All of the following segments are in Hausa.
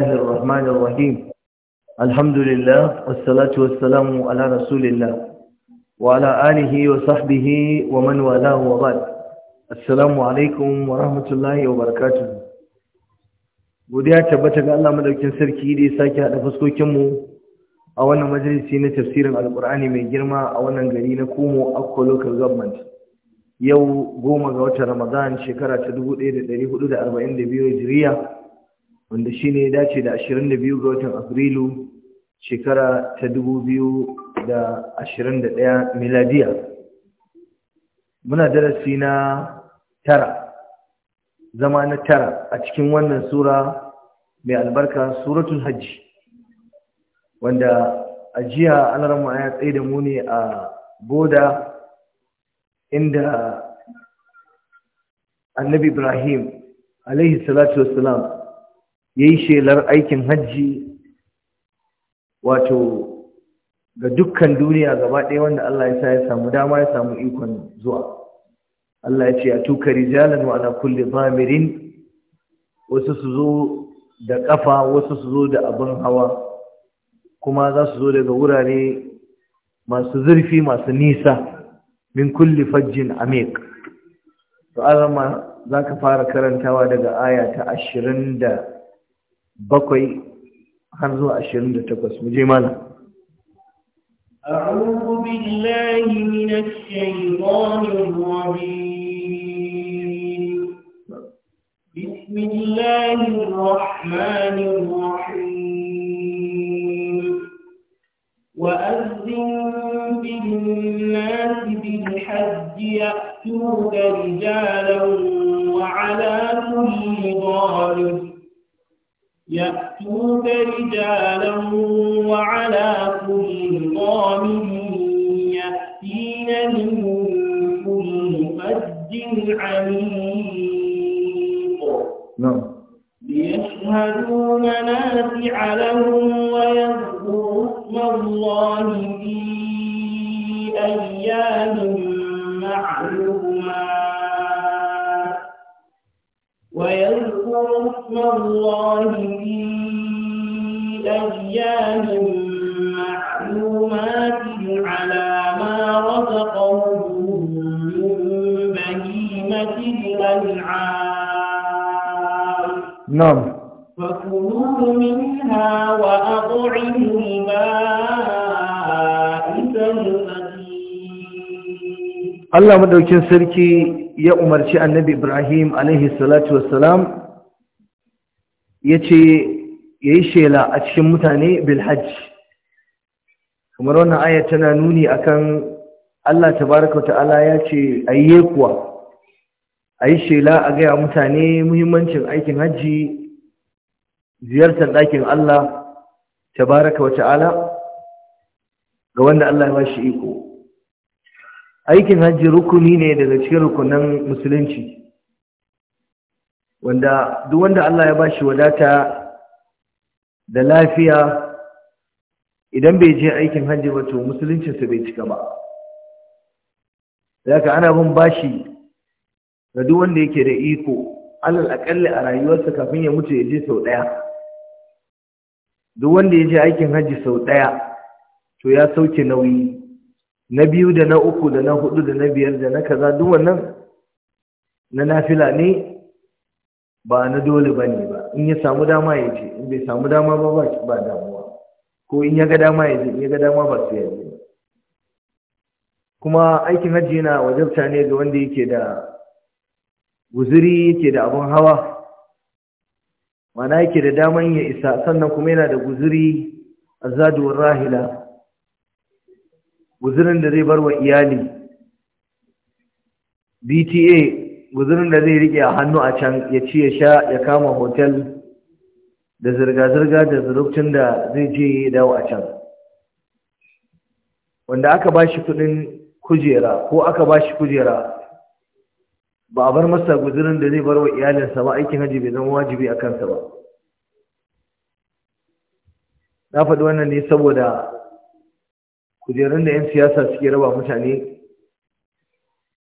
الله الرحمن الرحيم الحمد لله والصلاة والسلام على رسول الله وعلى آله وصحبه ومن والاه وبعد السلام عليكم ورحمة الله وبركاته godiya tabbata ga Allah madaukin sarki da ya sake hada fuskokin mu a wannan majalisi na tafsirin alqur'ani mai girma a wannan gari na Kumo Akko Local Government yau goma ga watan Ramadan shekara ta 1442 Hijriya wanda shi ne ya dace da 22 ga watan afrilu shekara ta 2021 miladiya muna darasi na tara zama na tara a cikin wannan sura mai albarka suratul hajji wanda a jiya an rama ya tsaye da mu ne a boda inda annabi ibrahim alaihi salatu ya yi shelar aikin hajji wato ga dukkan duniya gaba ɗaya wanda Allah ya sa ya samu dama ya samu ikon zuwa Allah ya ce a tuka rijalan wa ana kulle zamirin wasu su zo da ƙafa wasu su zo da abin hawa kuma za su zo daga wurare masu zurfi masu nisa min kulle fajjin amik to ma za ka fara karantawa daga aya ta ashirin da bakwai har zuwa ashirin da takwas mu je mana أعوذ بالله من الشيطان الرجيم بسم الله الرحمن الرحيم وأذن بالناس بالحج يأتوك رجالا وعلى كل ضالب يأتوك رجالا وعلى كل ضامن يأتين من كل مفج عميق نعم ليشهدوا منافع لهم ويذكروا اسم الله في أيام معلومات ويذكروا واذكروا اسم الله في أيام معلومات على ما رزقهم من بهيمة الأنعام نعم فكلوا منها وأطعموا البائس المسيح الله مدوكين سركي ya umarci annabi ibrahim alaihi salatu wassalam ya ce ya yi shela a cikin mutane bilhajj kamar wannan aya tana nuni akan Allah tabaraka ta'ala ya ce a yi kuwa a yi shela a gaya mutane muhimmancin aikin hajji ziyartar ɗakin Allah tabaraka wa ta'ala ga wanda Allah ya bashi iko aikin hajji rukuni ne daga cikin rukunan musulunci wanda duk wanda Allah ya bashi wadata da lafiya idan bai je aikin hajji ba to musuluncinsa bai cika ba aka ana bin bashi ga duk wanda yake da iko alal akalli a rayuwarsa kafin ya mutu ya je sau daya duk wanda ya je aikin hajji sau daya to ya sauke nauyi na biyu da na uku da na hudu da na biyar da na kaza duk wannan na nafila ne ba na dole ba ne ba in ya samu dama ya ce in bai samu dama ba ba damuwa ko in ya ga dama ya je in ya ga dama ba su yaje kuma aikin hajji yana wajabta ne ga wanda yake da guzuri yake da abin hawa mana yake da daman ya isa sannan kuma yana da guzuri a zaduwar rahila guzurin da zai bar wa iyali bta guzurin da zai rike a hannu a can ya ci ya sha ya kama hotel da zirga-zirga da zurubcin da zai je ya dawo a can wanda aka ba shi kudin kujera ko aka ba shi kujera ba a bar masa guzurin da zai bar wa iyalinsa ba aikin hajji bai zama wajibi a kansa ba na faɗi wannan ne saboda kujerun da 'yan siyasa suke raba mutane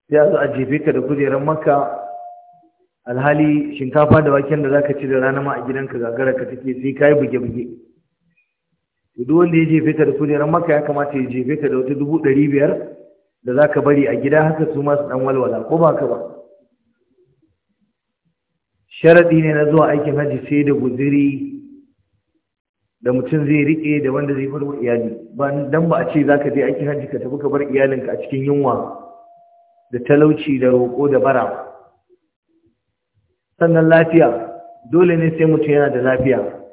sai a jefe ka da kujerar maka alhali shinkafa da waken da zaka ci da rana ma a gidanka gagara ka take sai kai buge-buge duk wanda ya jefe ka da kujerar maka ya kamata ya jefe ka da wata dubu ɗari biyar da zaka bari a gida haka su masu ɗan walwala ko ba ka ba sharaɗi ne na zuwa aikin hajji sai da guziri da mutum zai riƙe da wanda zai farwa iyali ba dan ba a ce zaka je aikin hajji ka tafi ka bar iyalinka a cikin yunwa da talauci da roƙo da bara sannan lafiya dole ne sai mutum yana da lafiya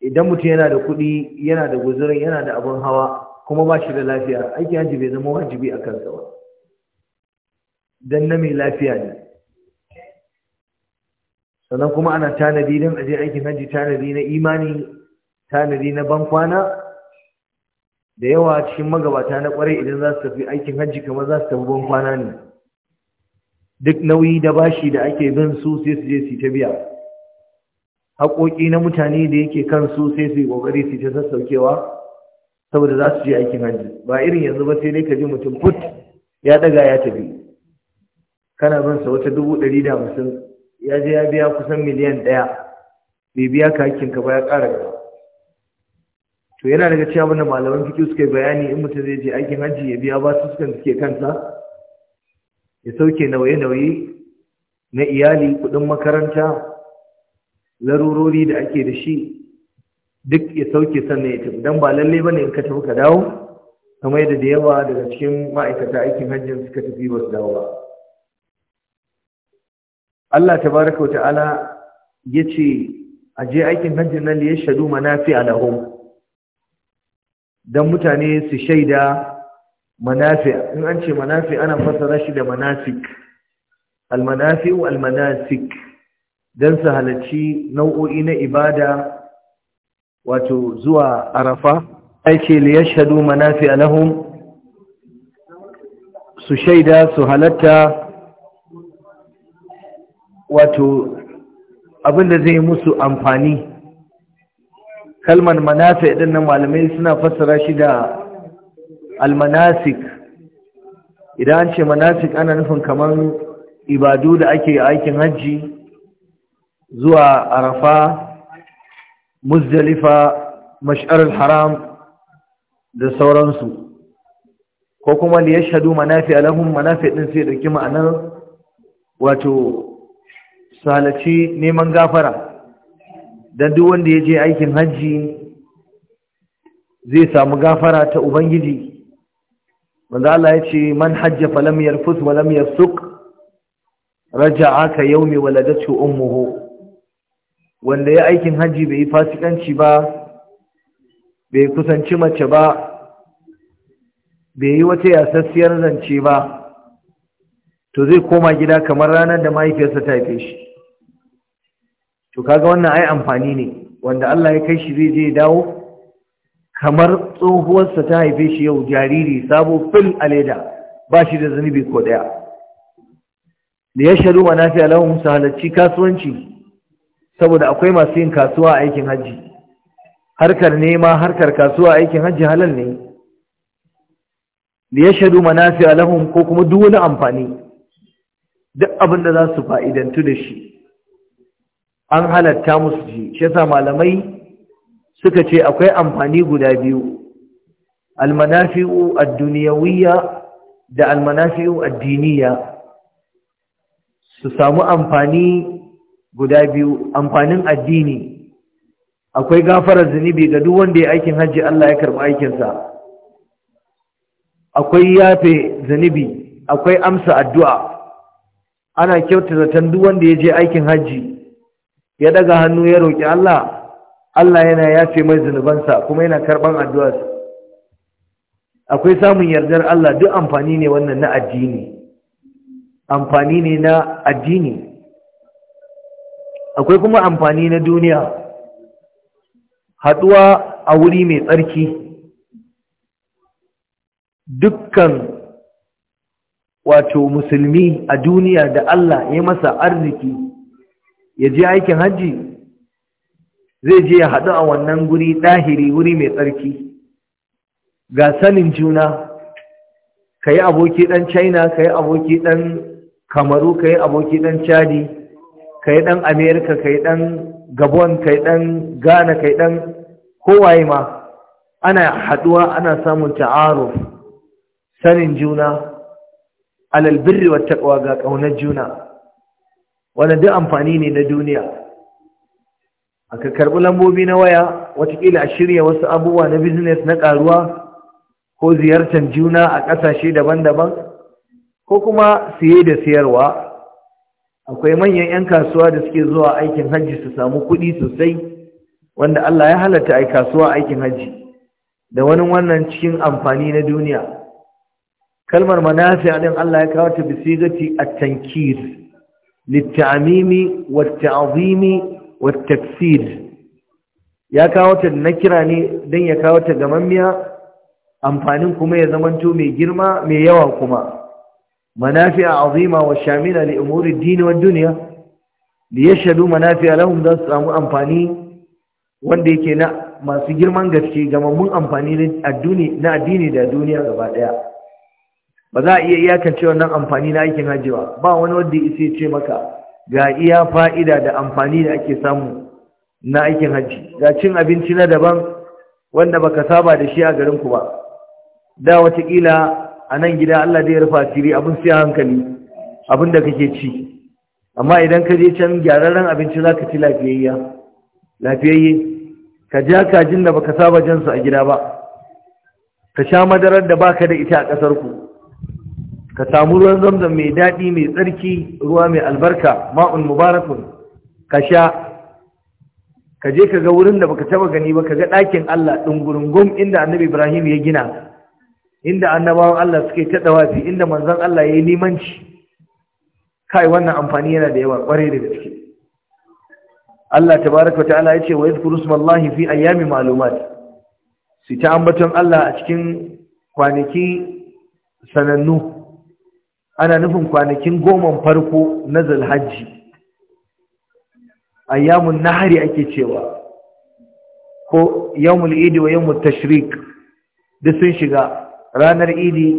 idan mutum yana da kuɗi yana da guzurin yana da abin hawa kuma ba shi da lafiya aiki haji bai zama wajibi a kansa ba don na mai lafiya ne sannan kuma ana tanadi don aje aikin haji tanadi na imani tanadi na bankwana da yawa cikin magabata na kwarai idan za su tafi aikin hajji kamar za su tafi ban kwana ne duk nauyi da bashi da ake bin su sai su je su ta biya haƙoƙi na mutane da yake kan su sai su yi ƙoƙari su ta sassaukewa saboda za su je aikin hajji ba irin yanzu ba sai dai ka ji mutum put ya daga ya tafi kana bin sa wata dubu ɗari da hamsin ya je ya biya kusan miliyan ɗaya bai biya ka hakkinka ba ya ƙara gaba to yana daga cewa mana malaman fiki suka yi bayani in mutum zai je aikin hajji ya biya ba su sukan suke kansa ya sauke nauye-nauye na iyali kudin makaranta larurori da ake da shi duk ya sauke sannan ya tafi don ba lallai ba ne in ka tafi ka dawo kamar yadda da yawa daga cikin ma'aikata aikin hajjin suka tafi ba su dawo ba Allah Ta Baraka wa ta'ala ya ce a je aikin hajjin nan da ya shaɗu manafi a lahom don mutane su shaida manafi in an ce manafi ana fasara shi da manasik almanafi wa almanasik don su halarci nau'o'i na ibada wato zuwa arafa aike li yashhadu manafi alahum su shaida su halatta wato abinda zai musu amfani kalmar manafi din nan malamai suna fassara shi da almanasik idan an ce manasik ana nufin kamar ibadu da ake aikin hajji zuwa arafa muzdalifa mash'arar haram da sauransu ko kuma ya shaɗu manafi alamun manafi ɗin sai ɗauki ma'anar wato salaci neman gafara dan duk wanda ya je aikin hajji zai samu gafara ta ubangiji manzo Allah ya ce man hajja falam yarfus wa lam yasuk raja'a ka yawmi waladatu ummuhu wanda ya aikin hajji bai fasikanci ba bai kusanci mace ba bai yi wata yasassiyar zance ba to zai koma gida kamar ranar da mahaifiyarsa ta haife shi to kaga wannan ai amfani ne wanda Allah ya kai shi zai je dawo kamar tsohuwarsa ta haife shi yau jariri sabo fil aleda ba shi da zunubi ko daya da ya sharu mana fi alawun su halarci kasuwanci saboda akwai masu yin kasuwa a aikin hajji harkar nema harkar kasuwa a aikin hajji halal ne da ya sharu mana fi alawun ko kuma duk wani amfani duk abin da za su fa'idantu da shi an halatta musu shi shi yasa malamai suka ce akwai amfani guda biyu almanafi'u ad-dunyawiyya da almanafi'u ad-diniyya su samu amfani guda biyu amfanin addini akwai gafarar zunubi ga duk wanda ya aikin hajji Allah ya karɓi aikinsa akwai yafe zunubi akwai amsa addu'a ana kyautata zaton duk wanda ya je aikin hajji ya daga hannu ya roƙi Allah Allah yana yafe mai zunubansa kuma yana karɓan addu'arsa akwai samun yardar Allah duk amfani ne wannan na addini amfani ne na addini akwai kuma amfani na duniya haduwa a wuri mai tsarki dukkan wato musulmi a duniya da Allah ya masa arziki ya je aikin hajji zai je ya haɗu a wannan guri ɗahiri wuri mai tsarki ga sanin juna ka yi aboki ɗan china ka yi aboki ɗan kamaru ka yi aboki ɗan chadi ka yi ɗan amerika ka yi ɗan gabon ka yi ɗan ghana ka yi ɗan kowaye ma ana haɗuwa ana samun ta'aru. sanin juna alalbirri wata ga ƙaunar juna wannan duk amfani ne na duniya aka karɓi lambobi na waya watakila a shirya wasu abubuwa na business na ƙaruwa ko ziyartar juna a ƙasashe daban-daban ko kuma siye da siyarwa akwai manyan 'yan kasuwa da suke zuwa aikin hajji su samu kuɗi sosai wanda Allah ya halatta a kasuwa aikin hajji da wani wannan cikin amfani na duniya kalmar manafi ɗin Allah ya kawo ta bisigati a tankir للتعميم والتعظيم والتكسير ya kawo ta na kira ne don ya kawo ta gamammiya amfanin kuma ya zamanto mai girma mai yawa kuma manafi'a azima wa shamila li umuri dini wa duniya da ya shaɗu manafi'a lahum za su samu amfani wanda yake na masu girman gaske gamammun amfani na addini da duniya gaba ɗaya ba za a iya iyakance wannan amfani na aikin hajji ba ba wani wanda ya ce maka ga iya fa'ida da amfani da ake samu na aikin hajji ga cin abinci na daban wanda baka saba da shi a garinku ba da watakila a nan gida Allah da ya rufa siri abin siya hankali abin da kake ci amma idan ka je can gyararren abinci za ka ci lafiyayya lafiyayye ka ja kajin da baka saba jansu a gida ba ka sha madarar da baka da ita a ƙasarku ka samu ruwan zamzam mai daɗi mai tsarki ruwa mai albarka ma'un mubarakun ka sha ka je ka ga wurin da baka taba gani ba ka ga ɗakin Allah ɗungurungum inda annabi Ibrahim ya gina inda annabawan Allah suke ta dawafi inda manzon Allah ya yi limanci kai wannan amfani yana da yawa ƙwarai da gaske Allah tabaraka ta'ala ya ce wa yadhkuru smallahi fi ayyami ma'lumat su ta ambaton Allah a cikin kwanaki sanannu ana nufin kwanakin goman farko na a ayyamun nahari ake cewa ko yamun idi wa yamun tashrik duk sun shiga ranar idi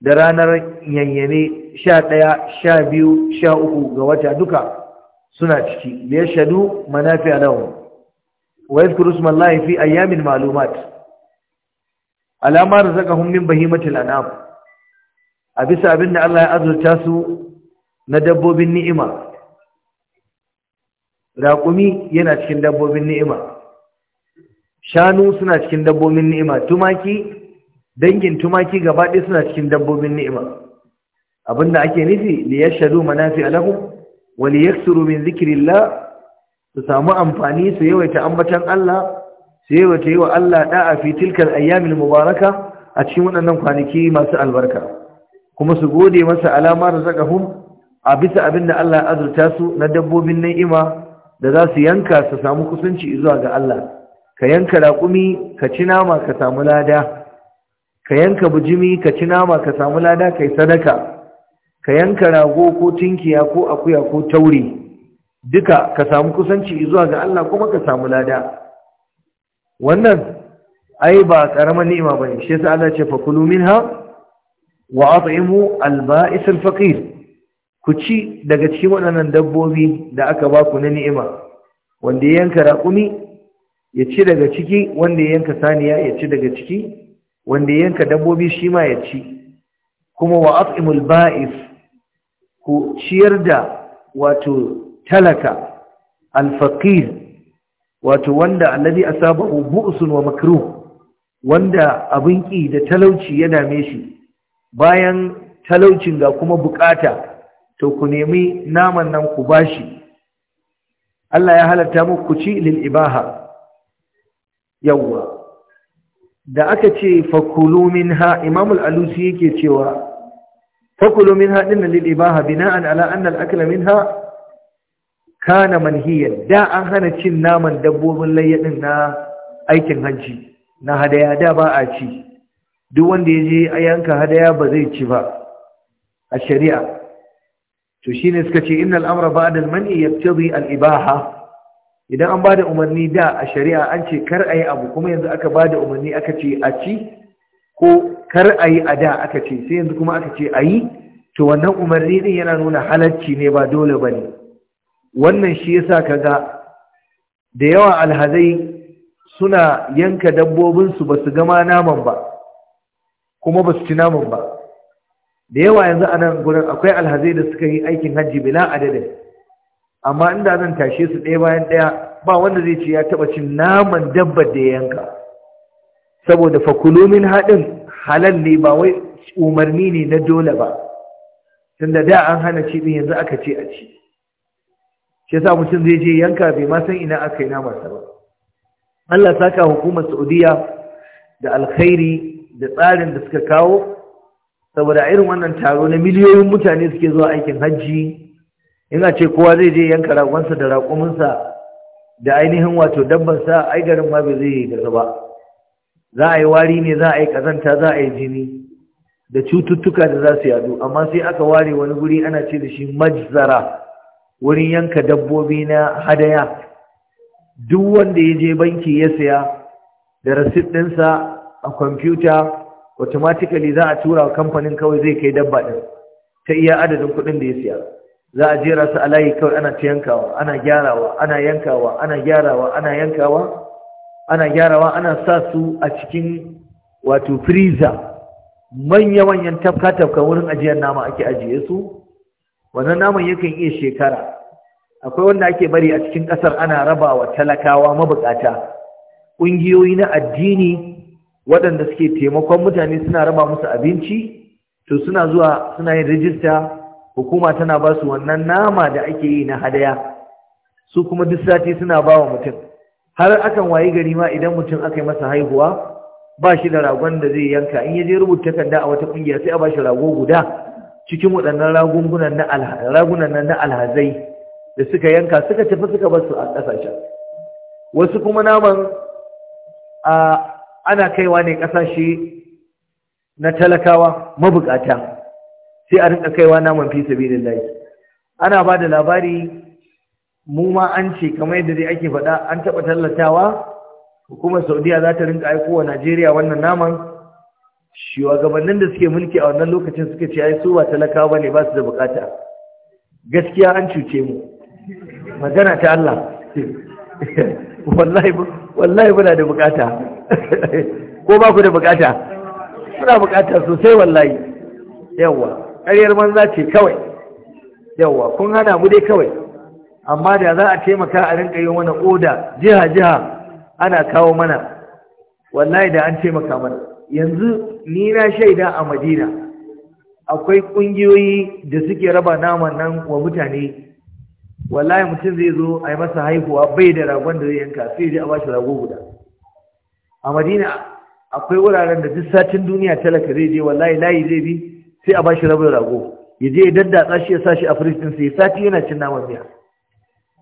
da ranar yanyane sha ɗaya sha biyu sha uku ga wata duka suna ciki da ya shaɗu manafi a nawa wa yi kurus mallahi A ayyamin malumat alamar zaka hunmin bahimatul anam a bisa abin da Allah ya azurta su na dabbobin ni'ima raƙumi yana cikin dabbobin ni'ima shanu suna cikin dabbobin ni'ima tumaki dangin tumaki gaba ɗaya suna cikin dabbobin ni'ima abin da ake nufi li yashhadu manafi lahum wani li yaksuru min dhikrillah su samu amfani su yawaita ambatan Allah su yawaita yi wa Allah ɗa'a fi tilkal ayyamin mubaraka a cikin waɗannan kwanaki masu albarka kuma su gode masa alama da hum a bisa abin da Allah ya azurta su na dabbobin ni'ima da za su yanka su samu kusanci zuwa ga Allah ka yanka raƙumi ka ci nama ka samu lada ka yanka bujimi ka ci nama ka samu lada kai sadaka ka yanka rago ko tinkiya ko akuya ko taure duka ka samu kusanci zuwa ga Allah kuma ka samu lada wannan ai ba karamar ni'ima bane shi yasa Allah ya ce fa kulu minha wa at'imu al-ba'is al-faqir ku ci daga cikin waɗannan dabbobi da aka ba ku na ni'ima wanda ya yanka raƙumi ya ci daga ciki wanda yanka saniya ya ci daga ciki wanda yanka dabbobi shi ma ya ci kuma wa al ba'is ku ciyar da wato talaka al-faqir wato wanda alladhi asabahu bu'sun wa makruh wanda abin ki da talauci ya dame shi bayan talaucin ga kuma bukata to ku nemi naman nan ku bashi Allah ya halatta muku ci lil ibaha yawwa da aka ce fakulu minha Imam al-Alusi yake cewa fakulu minha din lil ibaha bina'an ala anna al-akla minha kana manhiyan da an hana cin naman dabbobin layyadin na aikin hanci na hadaya da ba a ci duk wanda ya je a yanka hadaya ba zai ci ba a shari'a to shine suka ce inna al’amura ba'da da mani ce al-ibaha idan an bada umarni da a shari'a an ce kar a yi abu kuma yanzu aka bada umarni aka ce a ci ko kar a yi a da aka ce sai yanzu kuma aka ce a yi? to wannan umarni din yana nuna halarci ne ba dole ba ne. wannan shi ya yasa kaga da yawa alhazai suna yanka dabbobinsu ba su gama naman ba kuma ba su ci naman ba da yawa yanzu a nan gurin akwai alhazai da suka yi aikin hajji bila adadin amma inda zan tashe su ɗaya bayan ɗaya ba wanda zai ce ya taɓa cin naman dabbar da yanka saboda fakulumin haɗin halal ne ba wai umarni ne na dole ba tunda da an hana ci ɗin yanzu aka ce a ci shi yasa mutum zai je yanka bai ma san ina aka yi namarsa ba Allah saka hukumar Saudiya da alkhairi da tsarin da suka kawo saboda irin wannan taro na miliyoyin mutane suke zuwa aikin hajji ina ce kowa zai je yanka ragonsa da rakuminsa da ainihin wato dabbansa ai garin ma bai zai gaza ba za a yi wari ne za a yi kazanta za a yi jini da cututtuka da za su yadu amma sai aka ware wani guri ana ce da shi majzara wurin yanka dabbobi na hadaya duk wanda ya je banki ya saya da rasit ɗinsa a kwamfuta automatically za a tura wa kamfanin kawai zai kai dabba ɗin ta iya adadin kuɗin da ya siya za a jera su a layi kawai ana ta yankawa ana gyarawa ana yankawa ana gyarawa ana yankawa ana gyarawa ana sa su a cikin wato freezer manya-manyan tafka-tafka wurin ajiyar nama ake ajiye su wannan naman yakan iya shekara akwai wanda ake bari a cikin ƙasar ana rabawa talakawa mabukata ƙungiyoyi na addini waɗanda suke taimakon mutane suna raba musu abinci to suna zuwa suna yin rijista hukuma tana ba su wannan nama da ake yi na hadaya su kuma duk sati suna ba wa mutum har akan wayi gari ma idan mutum aka yi masa haihuwa ba shi da ragon da zai yanka in ya je rubuta takarda a wata ƙungiya sai a ba shi rago guda cikin waɗannan ragunan nan na alhazai da suka yanka suka tafi suka basu a ƙasashen wasu kuma naman a ana kaiwa ne kasashe na talakawa mabukata sai a rinka kaiwa naman fi sabilillahi ana ba da labari mu ma an ce kamar yadda dai ake faɗa an taɓa tallatawa hukumar saudiya za ta rinka aiko wa najeriya wannan naman shugabannin da suke mulki a wannan lokacin suka ce ai su ba talakawa ba ne ba su da bukata gaskiya an cuce mu magana ta allah wallahi wallahi muna da bukata ko ba ku da bukata muna bukata sosai wallahi yawa ƙaryar manza ce kawai yawa kun hana mu dai kawai amma da za a taimaka a rinka yi mana oda jiha jiha ana kawo mana wallahi da an taimaka mana yanzu ni na shaida a madina akwai ƙungiyoyi da suke raba naman nan wa mutane wallahi mutum zai zo a yi masa haihuwa bai da ragon da zai yanka sai dai a bashi rago guda a madina akwai wuraren da duk satin duniya talaka zai je wallahi layi zai bi sai a bashi rabin rago ya je ya daddatsa shi ya sa shi a firistin sai sati yana cin naman miya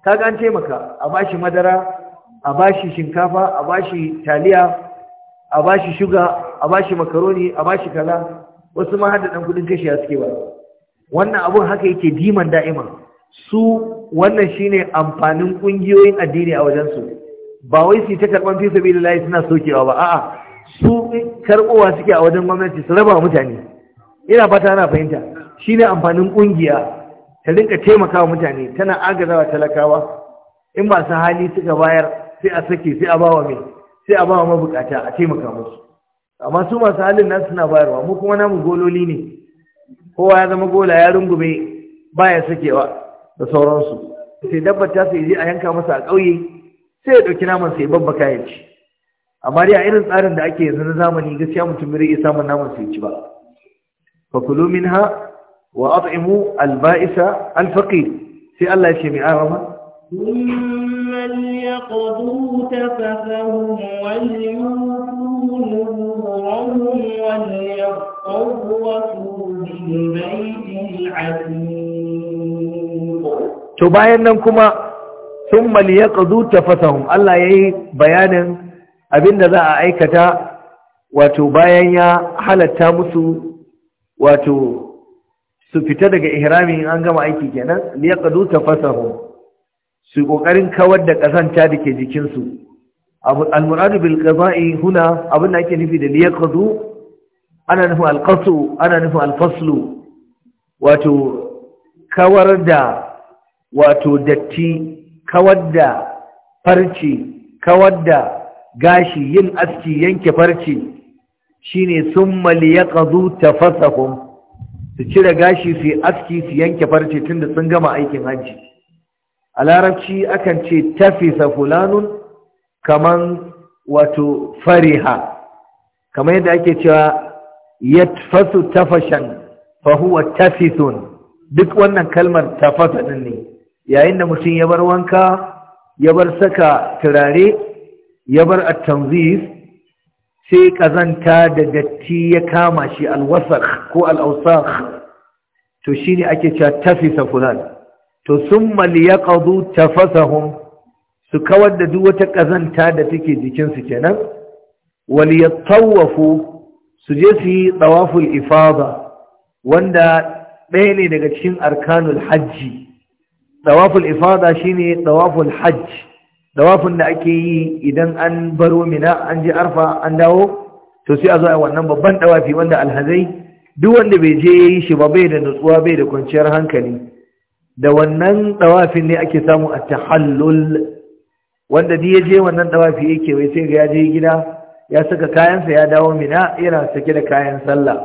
ka ga an taimaka a bashi madara a bashi shinkafa a bashi taliya a bashi shuga a bashi makaroni a bashi kaza wasu ma hada dan kudin kashiya suke ba wannan abun haka yake diman daima su wannan shine amfanin ƙungiyoyin addini a wajensu ba wai su ta karɓar fi sabi layi suna sokewa ba a'a su karɓowa suke a wajen gwamnati su raba mutane ina fata ana fahimta shine amfanin ƙungiya ta rinka taimakawa mutane tana agazawa talakawa in ba su hali suka bayar sai a sake sai a bawa mai sai a bawa mabukata a taimaka musu amma su masu halin nan suna bayarwa mu kuma namu gololi ne kowa ya zama gola ya rungume baya sakewa da sauransu sai dabbar ta sai je a yanka masa a ƙauye sai ya ɗauki naman sai babbaka ya ci amma dai a irin tsarin da ake yanzu na zamani gaskiya mutum bai iya samun naman sai ci ba fa kulu minha wa at'imu al-ba'isa al-faqir sai Allah ya ce mai arama ممن يقضوا تففهم وليوفوا نورهم وليطوفوا بالبيت العتيق to bayan nan kuma sun maliya ƙazu tafasahun Allah ya yi bayanin abinda za a aikata wato bayan ya halatta musu wato su fita daga ihrami an gama aiki kenan liya ƙazu tafasahun su ƙoƙarin kawar da ƙazanta da ke jikinsu al-muradu bil qada'i huna da ake nufi da liya ƙazu ana nufin al ana nufin al wato kawar da wato datti kawar da farci kawar da gashi yin aski yanke farce shine summa liyaqdu tafasahum su cire gashi su aski su yanke farce tunda sun gama aikin hajji a larabci akan ce tafisa fulanun kaman wato fariha kamar yadda ake cewa yatfasu tafashan fa huwa tafisun duk wannan kalmar tafasa din ne yayin da mutum ya bar wanka ya bar saka turare ya bar at sai kazanta da datti ya kama shi al ko al to shi ne ake cewa tafisa fulan to summa liyaqdu tafasahum su kawar da duk wata ƙazanta da take jikinsu kenan waliyattawafu su je su yi tawaful ifada wanda ɗaya ne daga cikin arkanul hajji dawaful ifada shine dawaful hajj dawafin da ake yi idan an baro mina an je arfa an dawo to sai a zo a wannan babban dawafi wanda alhazai duk wanda bai je yi shi ba bai da nutsuwa bai da kwanciyar hankali da wannan dawafin ne ake samu a tahallul wanda ni ya je wannan dawafi yake wai sai ga ya je gida ya saka kayansa ya dawo mina yana sake da kayan sallah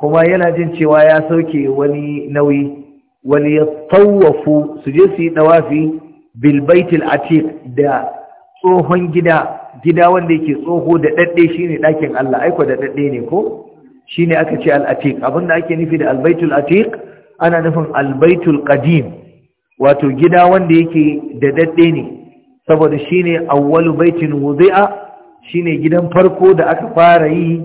kuma yana jin cewa ya sauke wani nauyi wani ya su je su yi ɗawafi bilbaitul atik da tsohon gida gida wanda yake tsoho da ɗaɗɗe shi ne ɗakin Allah aiko da ɗaɗɗe ne ko shi ne aka ce al'atik abinda ake nufi da albaitul atik ana nufin albaitul qadim wato gida wanda yake da daɗe ne saboda shi ne awwalu baitin wuzi'a shi ne gidan farko da aka fara yi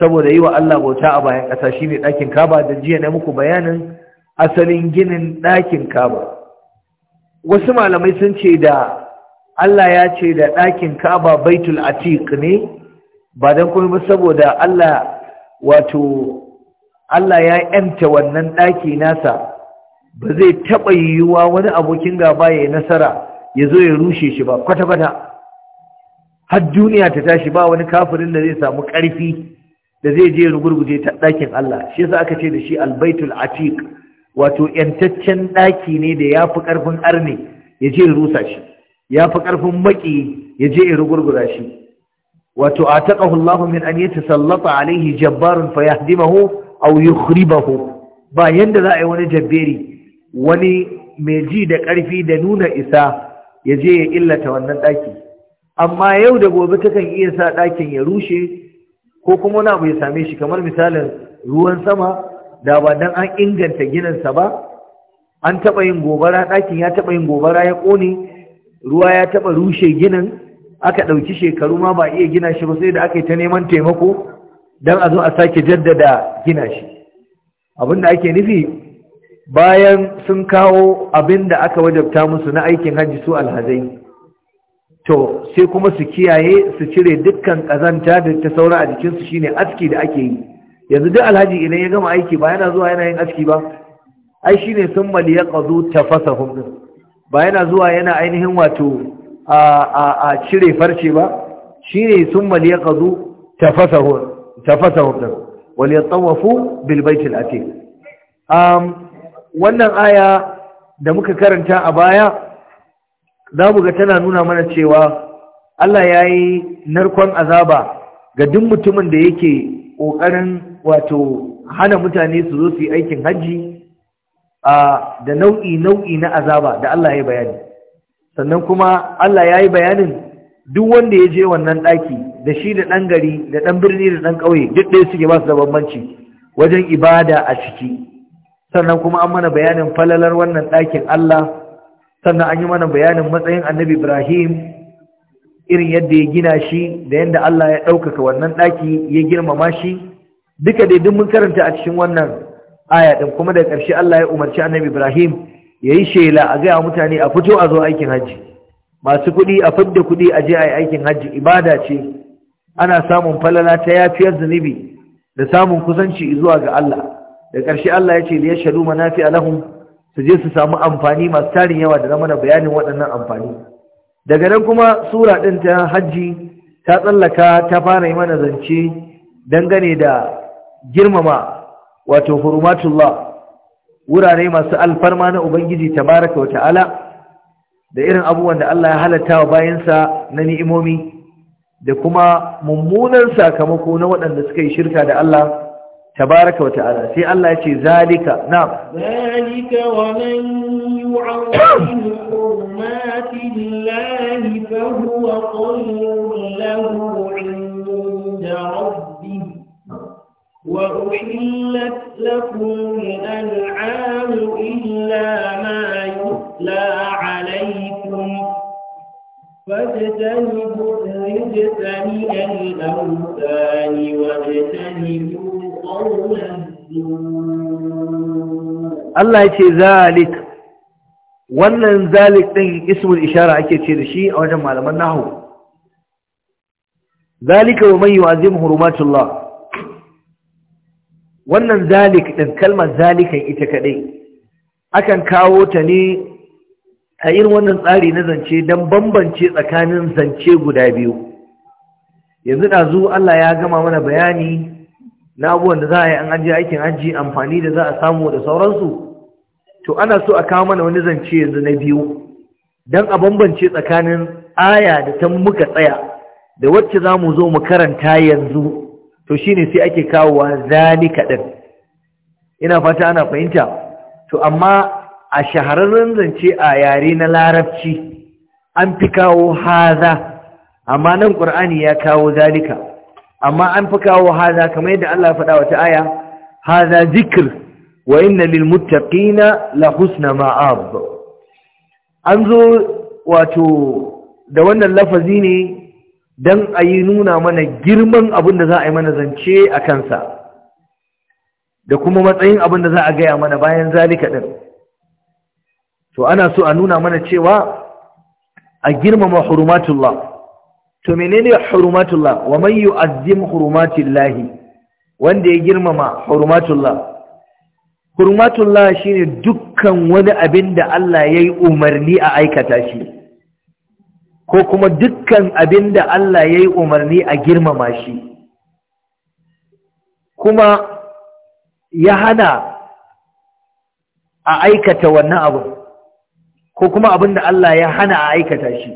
saboda yi wa Allah bauta a bayan ƙasa shi ne ɗakin kaba da jiya na muku bayanin asalin ginin ɗakin kaba wasu malamai sun ce da Allah ya ce da ɗakin kaba baitul atiq ne ba don kuma saboda Allah wato Allah ya yanta wannan ɗaki nasa ba zai taɓa yiwuwa wani abokin gaba ya nasara ya zo ya rushe shi ba kwata-kwata har duniya ta tashi ba wani kafirin da zai samu ƙarfi da zai je rugurguje ta ɗakin Allah shi yasa aka ce da shi albaitul atiq wato yantaccen ɗaki ne da ya fi ƙarfin arne ya je ya rusa shi ya fi ƙarfin maƙi ya je ya rugurgura shi wato a taƙahu Allah min an ta sallata alaihi jabbarun fa yahdimahu aw yukhribahu ba yanda za a yi wani jabberi wani mai ji da ƙarfi da nuna isa ya je ya illata wannan ɗaki amma yau da gobe takan iya sa ɗakin ya rushe ko kuma wani abu ya same shi kamar misalin ruwan sama da ba dan an inganta ginansa ba an taɓa yin gobara ɗakin ya taɓa yin gobara ya ƙone ruwa ya taɓa rushe ginin aka ɗauki shekaru ma ba iya gina shi ba sai da aka yi ta neman taimako don a zo a sake jaddada gina shi abin da ake nufi bayan sun kawo abin da aka wajabta musu na aikin hajji su alhazai to sai kuma su kiyaye su cire dukkan ƙazanta da ta saura a jikinsu shine aski da ake yi yanzu duk alhaji idan ya gama aiki ba yana zuwa yana yin aski ba ai shine sun mali ya qazu tafasahum ɗin. ba yana zuwa yana ainihin wato a a a cire farce ba shine sun mali ya qazu tafasahum tafasahum wal yatawafu bil bait al um wannan aya da muka karanta a baya za mu ga tana nuna mana cewa Allah ya yi narkon azaba ga duk mutumin da yake ƙoƙarin wato hana mutane su zo su yi aikin hajji da nau'i nau'i na azaba da Allah ya bayani sannan kuma Allah ya yi bayanin duk wanda ya je wannan ɗaki da shi da ɗan gari da ɗan birni da ɗan ƙauye duk da suke ba su da bambanci wajen ibada a ciki sannan kuma an mana bayanin falalar wannan ɗakin Allah sannan an yi mana bayanin matsayin annabi Ibrahim irin yadda ya gina shi da yadda Allah ya ɗaukaka wannan ɗaki ya girmama shi duka dai duk mun karanta a cikin wannan aya din kuma da ƙarshe Allah ya umarci Annabi Ibrahim yayi shela a gaya mutane a fito a zo aikin hajji. masu kuɗi a fidda kuɗi a je a yi aikin haji ibada ce ana samun falala ta yafiyar zunubi da samun kusanci zuwa ga Allah da ƙarshe Allah ya ce liya sharu manafi alahum su je su samu amfani masu tarin yawa da na mana bayanin waɗannan amfani daga nan kuma sura ɗin ta hajji ta tsallaka ta fara yi mana zance dangane da girmama wato hurumatullah wurare masu alfarma na ubangiji tabaraka wa ta'ala da irin abubuwan da Allah ya halatta wa bayansa na ni'imomi da kuma mummunan sakamako na waɗanda suka yi shirka da Allah تبارك وتعالى سي الله يتي ذلك نعم ذلك ومن يعظم حرمات الله فهو خير له عند وأحلت لكم الأنعام إلا ما يتلى عليكم فاجتنبوا الرجس من الأوثان واجتنبوا قول Allah ya ce zalik wannan zalik ɗin ismul ishara ake ce da shi a wajen malaman nahu zalika wa man yu'azimu hurumatullah wannan zalik ɗin kalmar zalikan ita kaɗai akan kawo ta ne a irin wannan tsari na zance don bambance tsakanin zance guda biyu yanzu ɗazu Allah ya gama mana bayani na abubuwan da za a yi an ajiye aikin hajji amfani da za a samu da sauransu to ana so a kawo mana wani zance yanzu na biyu don a bambance tsakanin aya da ta muka tsaya da wacce za mu zo mu karanta yanzu to shine sai ake kawowa zalika din ina fata ana fahimta to amma a shahararren zance a yare na larabci an fi kawo haza amma nan qur'ani ya kawo zalika amma an fi kawo haza kamar yadda Allah ya faɗa wata aya haza zikr wa inna lil muttaqina la husna ma'ab an zo wato da wannan lafazi ne don a yi nuna mana girman abin da za a yi mana zance a kansa da kuma matsayin abin da za a gaya mana bayan zalika ɗin to ana so a nuna mana cewa a girmama hurumatullah to menene hurumatullah wa man yu'azzim wanda ya girmama Hurmatullah hurumatullah shine dukkan wani abin da Allah yayi umarni a aikata shi ko kuma dukkan abin da Allah ya yi umarni a girmama shi kuma ya hana a aikata wannan abin ko kuma abin da Allah ya hana a aikata shi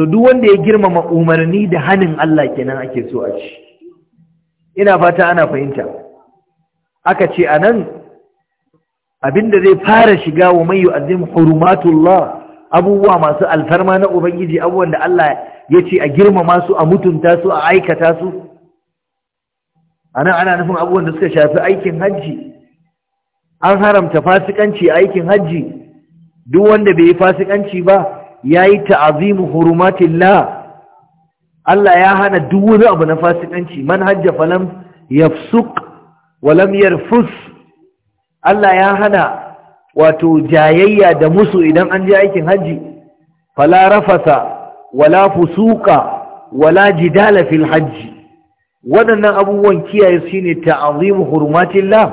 to duk wanda ya girmama umarni da hanin Allah kenan ake so a ci ina fata ana fahimta aka ce anan abinda zai fara shiga wa mai azim hurumatullah abubuwa masu alfarma na ubangiji abubuwan da Allah ya ce a girmama su a mutunta su a aikata su anan ana nufin abubuwan da suka shafi aikin hajji an haramta fasikanci aikin hajji duk wanda bai yi fasikanci ba yayi ta'azimu hurumatillah Allah ya hana duk wani abu na fasikanci man hajja falam yafsuq walam yarfus Allah ya hana wato jayayya da musu idan an je aikin hajji fala rafasa wala fusuka wala jidala fil hajji waɗannan abubuwan kiyaye su ne ta'azimu hurmatillah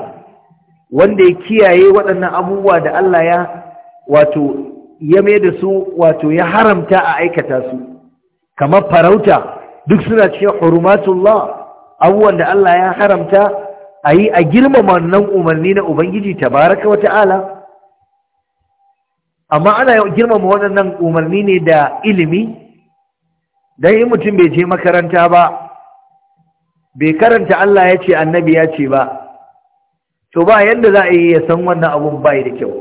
wanda ya kiyaye waɗannan abubuwa da Allah ya wato ya mai da su wato ya haramta a aikata su kamar farauta duk suna cikin hurmatullah abubuwan da Allah ya haramta a yi a girmama nan umarni na Ubangiji tabaraka wa ta'ala amma ana girmama waɗannan umarni ne da ilimi don yi mutum bai je makaranta ba bai karanta Allah ya ce annabi ya ce ba to ba yadda za a yi ya san wannan abun bai da kyau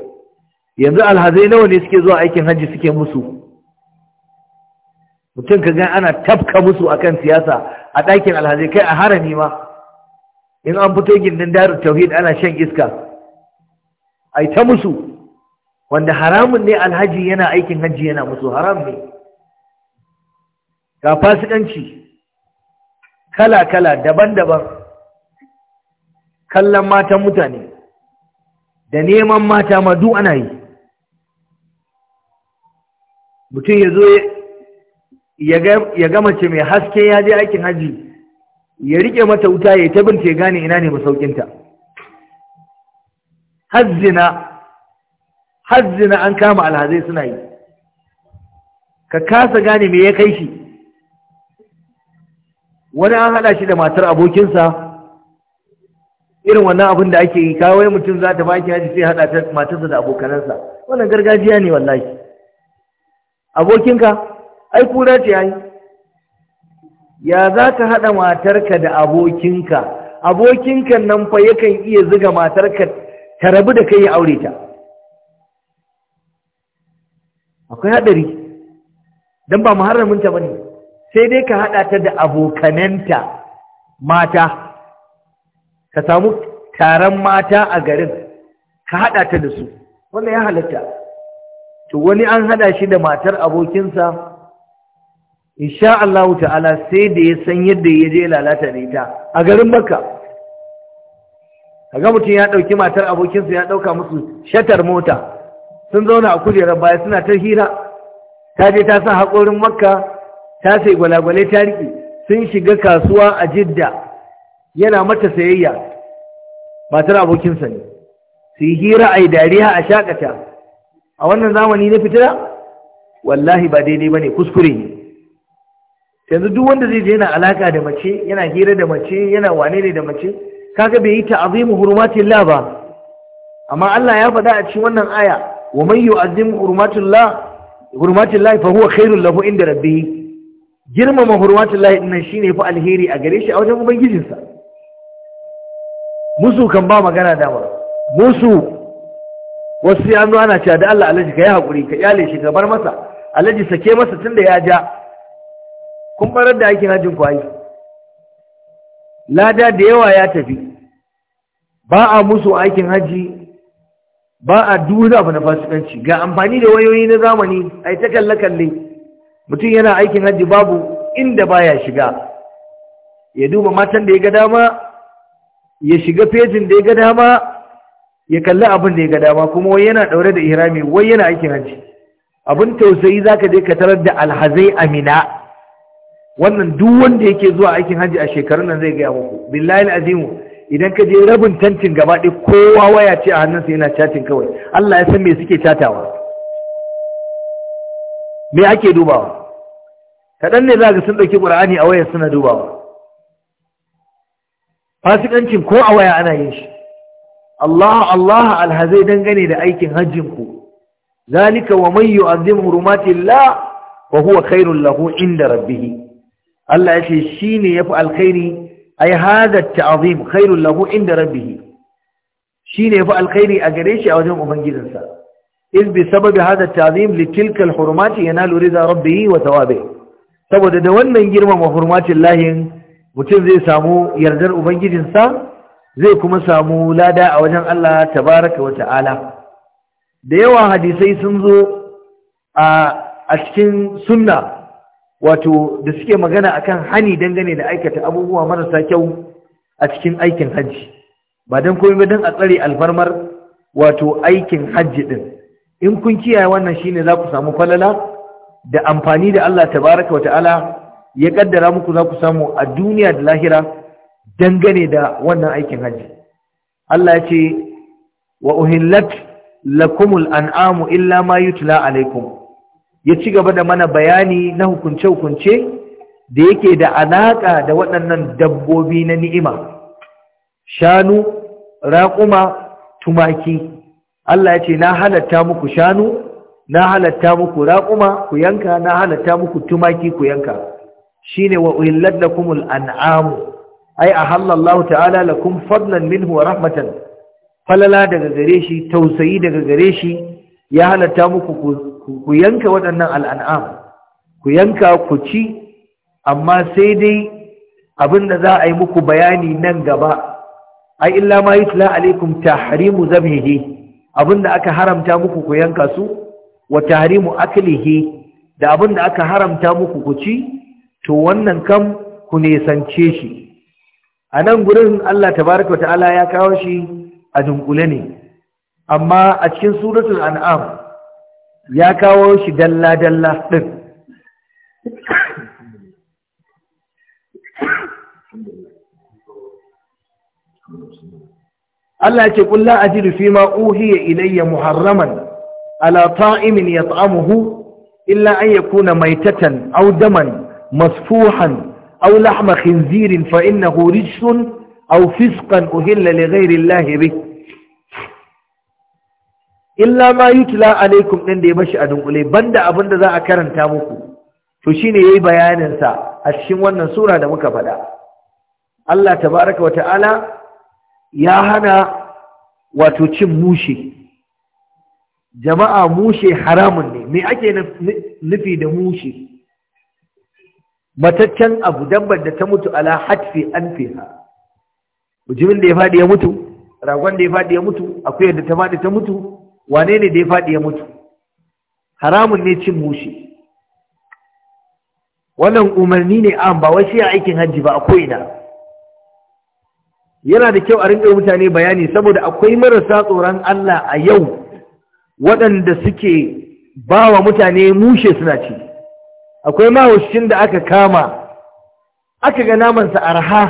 yanzu alhazai nawa ne suke zuwa aikin hajji suke musu mutum ka ga ana tafka musu akan siyasa a ɗakin alhazai kai a harami ma in an fito gindin darin tauhid ana shan iska ai ta musu wanda haramun ne alhaji yana aikin hajji yana musu haram ne ga fasikanci kala-kala daban-daban kallon matan mutane da neman mata ma duk ana yi mutum ya zo ya ga mace mai haske ya je aikin hajji ya rike mata wuta ya tabinta ya gane ina ne masaukinta hazzina hajji na an kama alhazai suna yi ka kasa gane me ya kai shi wani an haɗa shi da matar abokinsa irin wannan abin da ake yi kawai mutum za ta baki haji sai haɗa ta matarsa da abokanansa wannan gargajiya ne wallahi abokinka ai kura ce ai ya za ka haɗa matarka da abokinka abokinka nan fa yakan iya ziga matarka ta rabu da kai ya aure ta akwai haɗari don ba muharraminta ba ne sai dai ka haɗa ta da abokananta mata ka samu taron mata a garin ka haɗa ta da su wannan ya halatta to wani an haɗa shi da matar abokinsa insha Allah ta'ala sai da ya san yadda ya je lalata da ita a garin makka kaga mutum ya ɗauki matar abokinsa ya ɗauka musu shatar mota sun zauna a kujerar baya suna ta hira ta je ta san haƙorin makka ta sai gwalagwale ta riƙe sun shiga kasuwa a jidda yana mata sayayya matar abokinsa ne su yi hira a yi dariya a shakata a wannan zamani na fitila wallahi ba daidai ba ne kuskure ne yanzu duk wanda zai je yana alaka da mace yana hira da mace yana wane ne da mace kaga bai yi ta'azimu hurmatillah ba amma Allah ya faɗa a cikin wannan aya wa man yu'azzim hurmatullah hurmatullah fa huwa khairul lahu inda rabbih girmama hurmatullah din shine fa alheri a gare shi a wajen ubangijinsa musu kan ba magana dama musu wasu ya zo ana cewa da Allah alaji ka yi haƙuri ka yale shi ka bar masa alaji sake masa tunda ya ja kun barar da aikin hajjin kwayi lada da yawa ya tafi ba a musu aikin haji ba a duna abu na fasikanci ga amfani da wayoyi na zamani a yi ta kalle kalle mutum yana aikin hajji babu inda ba ya shiga ya duba matan da ya ga dama ya shiga fejin da ya ga dama ya kalli abin da ya ga dama kuma wai yana ɗaure da ihrami wai yana aikin hajji abin tausayi za ka je ka tarar da alhazai amina wannan duk wanda yake zuwa aikin hajji a shekarun nan zai gaya muku billahi azimu idan ka je rabin tantin gaba kowa waya ce a hannunsa yana catin kawai Allah ya san me suke catawa me ake dubawa kaɗan ne za ka sun ɗauki ƙur'ani a wayar suna dubawa fasikancin ko a waya ana yin shi Allah Allah alhazai dangane da aikin hajjin ku zalika wa man yu'azzim hurumatillah wa huwa khairul lahu inda rabbih Allah yace shine yafi alkhairi ai hada ta'zim khairul lahu inda rabbih shine fa alkhairi a gare shi a wajen ubangijinsa iz bi sababi hada ta'zim li tilka alhurumat yanalu rida rabbih wa thawabihi saboda da wannan girmama hurmatin lahin mutum zai samu yardar ubangijinsa zai kuma samu lada a wajen Allah tabaraka wa ta'ala da yawa hadisai sun zo a cikin sunna wato da suke magana akan hani dangane da aikata abubuwa marasa kyau a cikin aikin hajji ba don komai ba don a tsare alfarmar wato aikin hajji din in kun kiyaye wannan shine za ku samu falala da amfani da Allah tabaraka wata'ala ya kaddara muku za ku samu a duniya da lahira dangane da wannan aikin hajji Allah ya ce wa uhillat lakumul an'amu illa ma yutla alaikum ya ci gaba da mana bayani na hukunce-hukunce da yake da alaƙa da waɗannan dabbobi na ni'ima shanu raƙuma tumaki Allah ya ce na halatta muku shanu na halatta muku raƙuma ku yanka na halatta muku tumaki ku yanka shine wa uhillat lakumul an'am ai ahallallahu ta'ala lakum fadlan minhu wa rahmatan falala daga gare shi tausayi daga gare shi ya halatta muku ku yanka waɗannan al'an'am ku yanka ku ci amma sai dai abin da za a yi muku bayani nan gaba ai illa ma yutla alaikum taharimu zabhihi abin da aka haramta muku ku yanka su wa tahrimu aklihi da abin da aka haramta muku ku ci to wannan kam ku nesance shi a nan gurin Allah tabaraka ta'ala ya kawo shi a dunkule ne amma a cikin suratul an'am ya kawo shi dalla-dalla ɗin Allah ce kulla ajidu fi ma uhiya ilayya muharraman ala ta'imin yat'amuhu illa an yakuna maitatan aw daman masfuhan aw lahma khinzirin fa innahu rijsun aw fisqan uhilla li ghayri Allah bihi illa ma yutla alaikum din da ya bashi a dunkule banda abin da za a karanta muku to shine yayi bayanin sa a cikin wannan sura da muka faɗa Allah tabaaraka wata'ala ya hana wato cin mushe jama'a mushe haramun ne me ake nufi da mushe mataccen abu dabbar da ta mutu ala hatfi anfiha mujimin da ya faɗi ya mutu ragon da ya faɗi ya mutu akwai da ta faɗi ta mutu wane ne da ya faɗi ya mutu haramun ne cin mushi. wannan umarni ne an ba wai a aikin hajji ba a ko'ina yana da kyau a rinƙa mutane bayani saboda akwai marasa tsoron Allah a yau waɗanda suke ba wa mutane mushe suna ci akwai mahaushin da aka kama aka ga namansa arha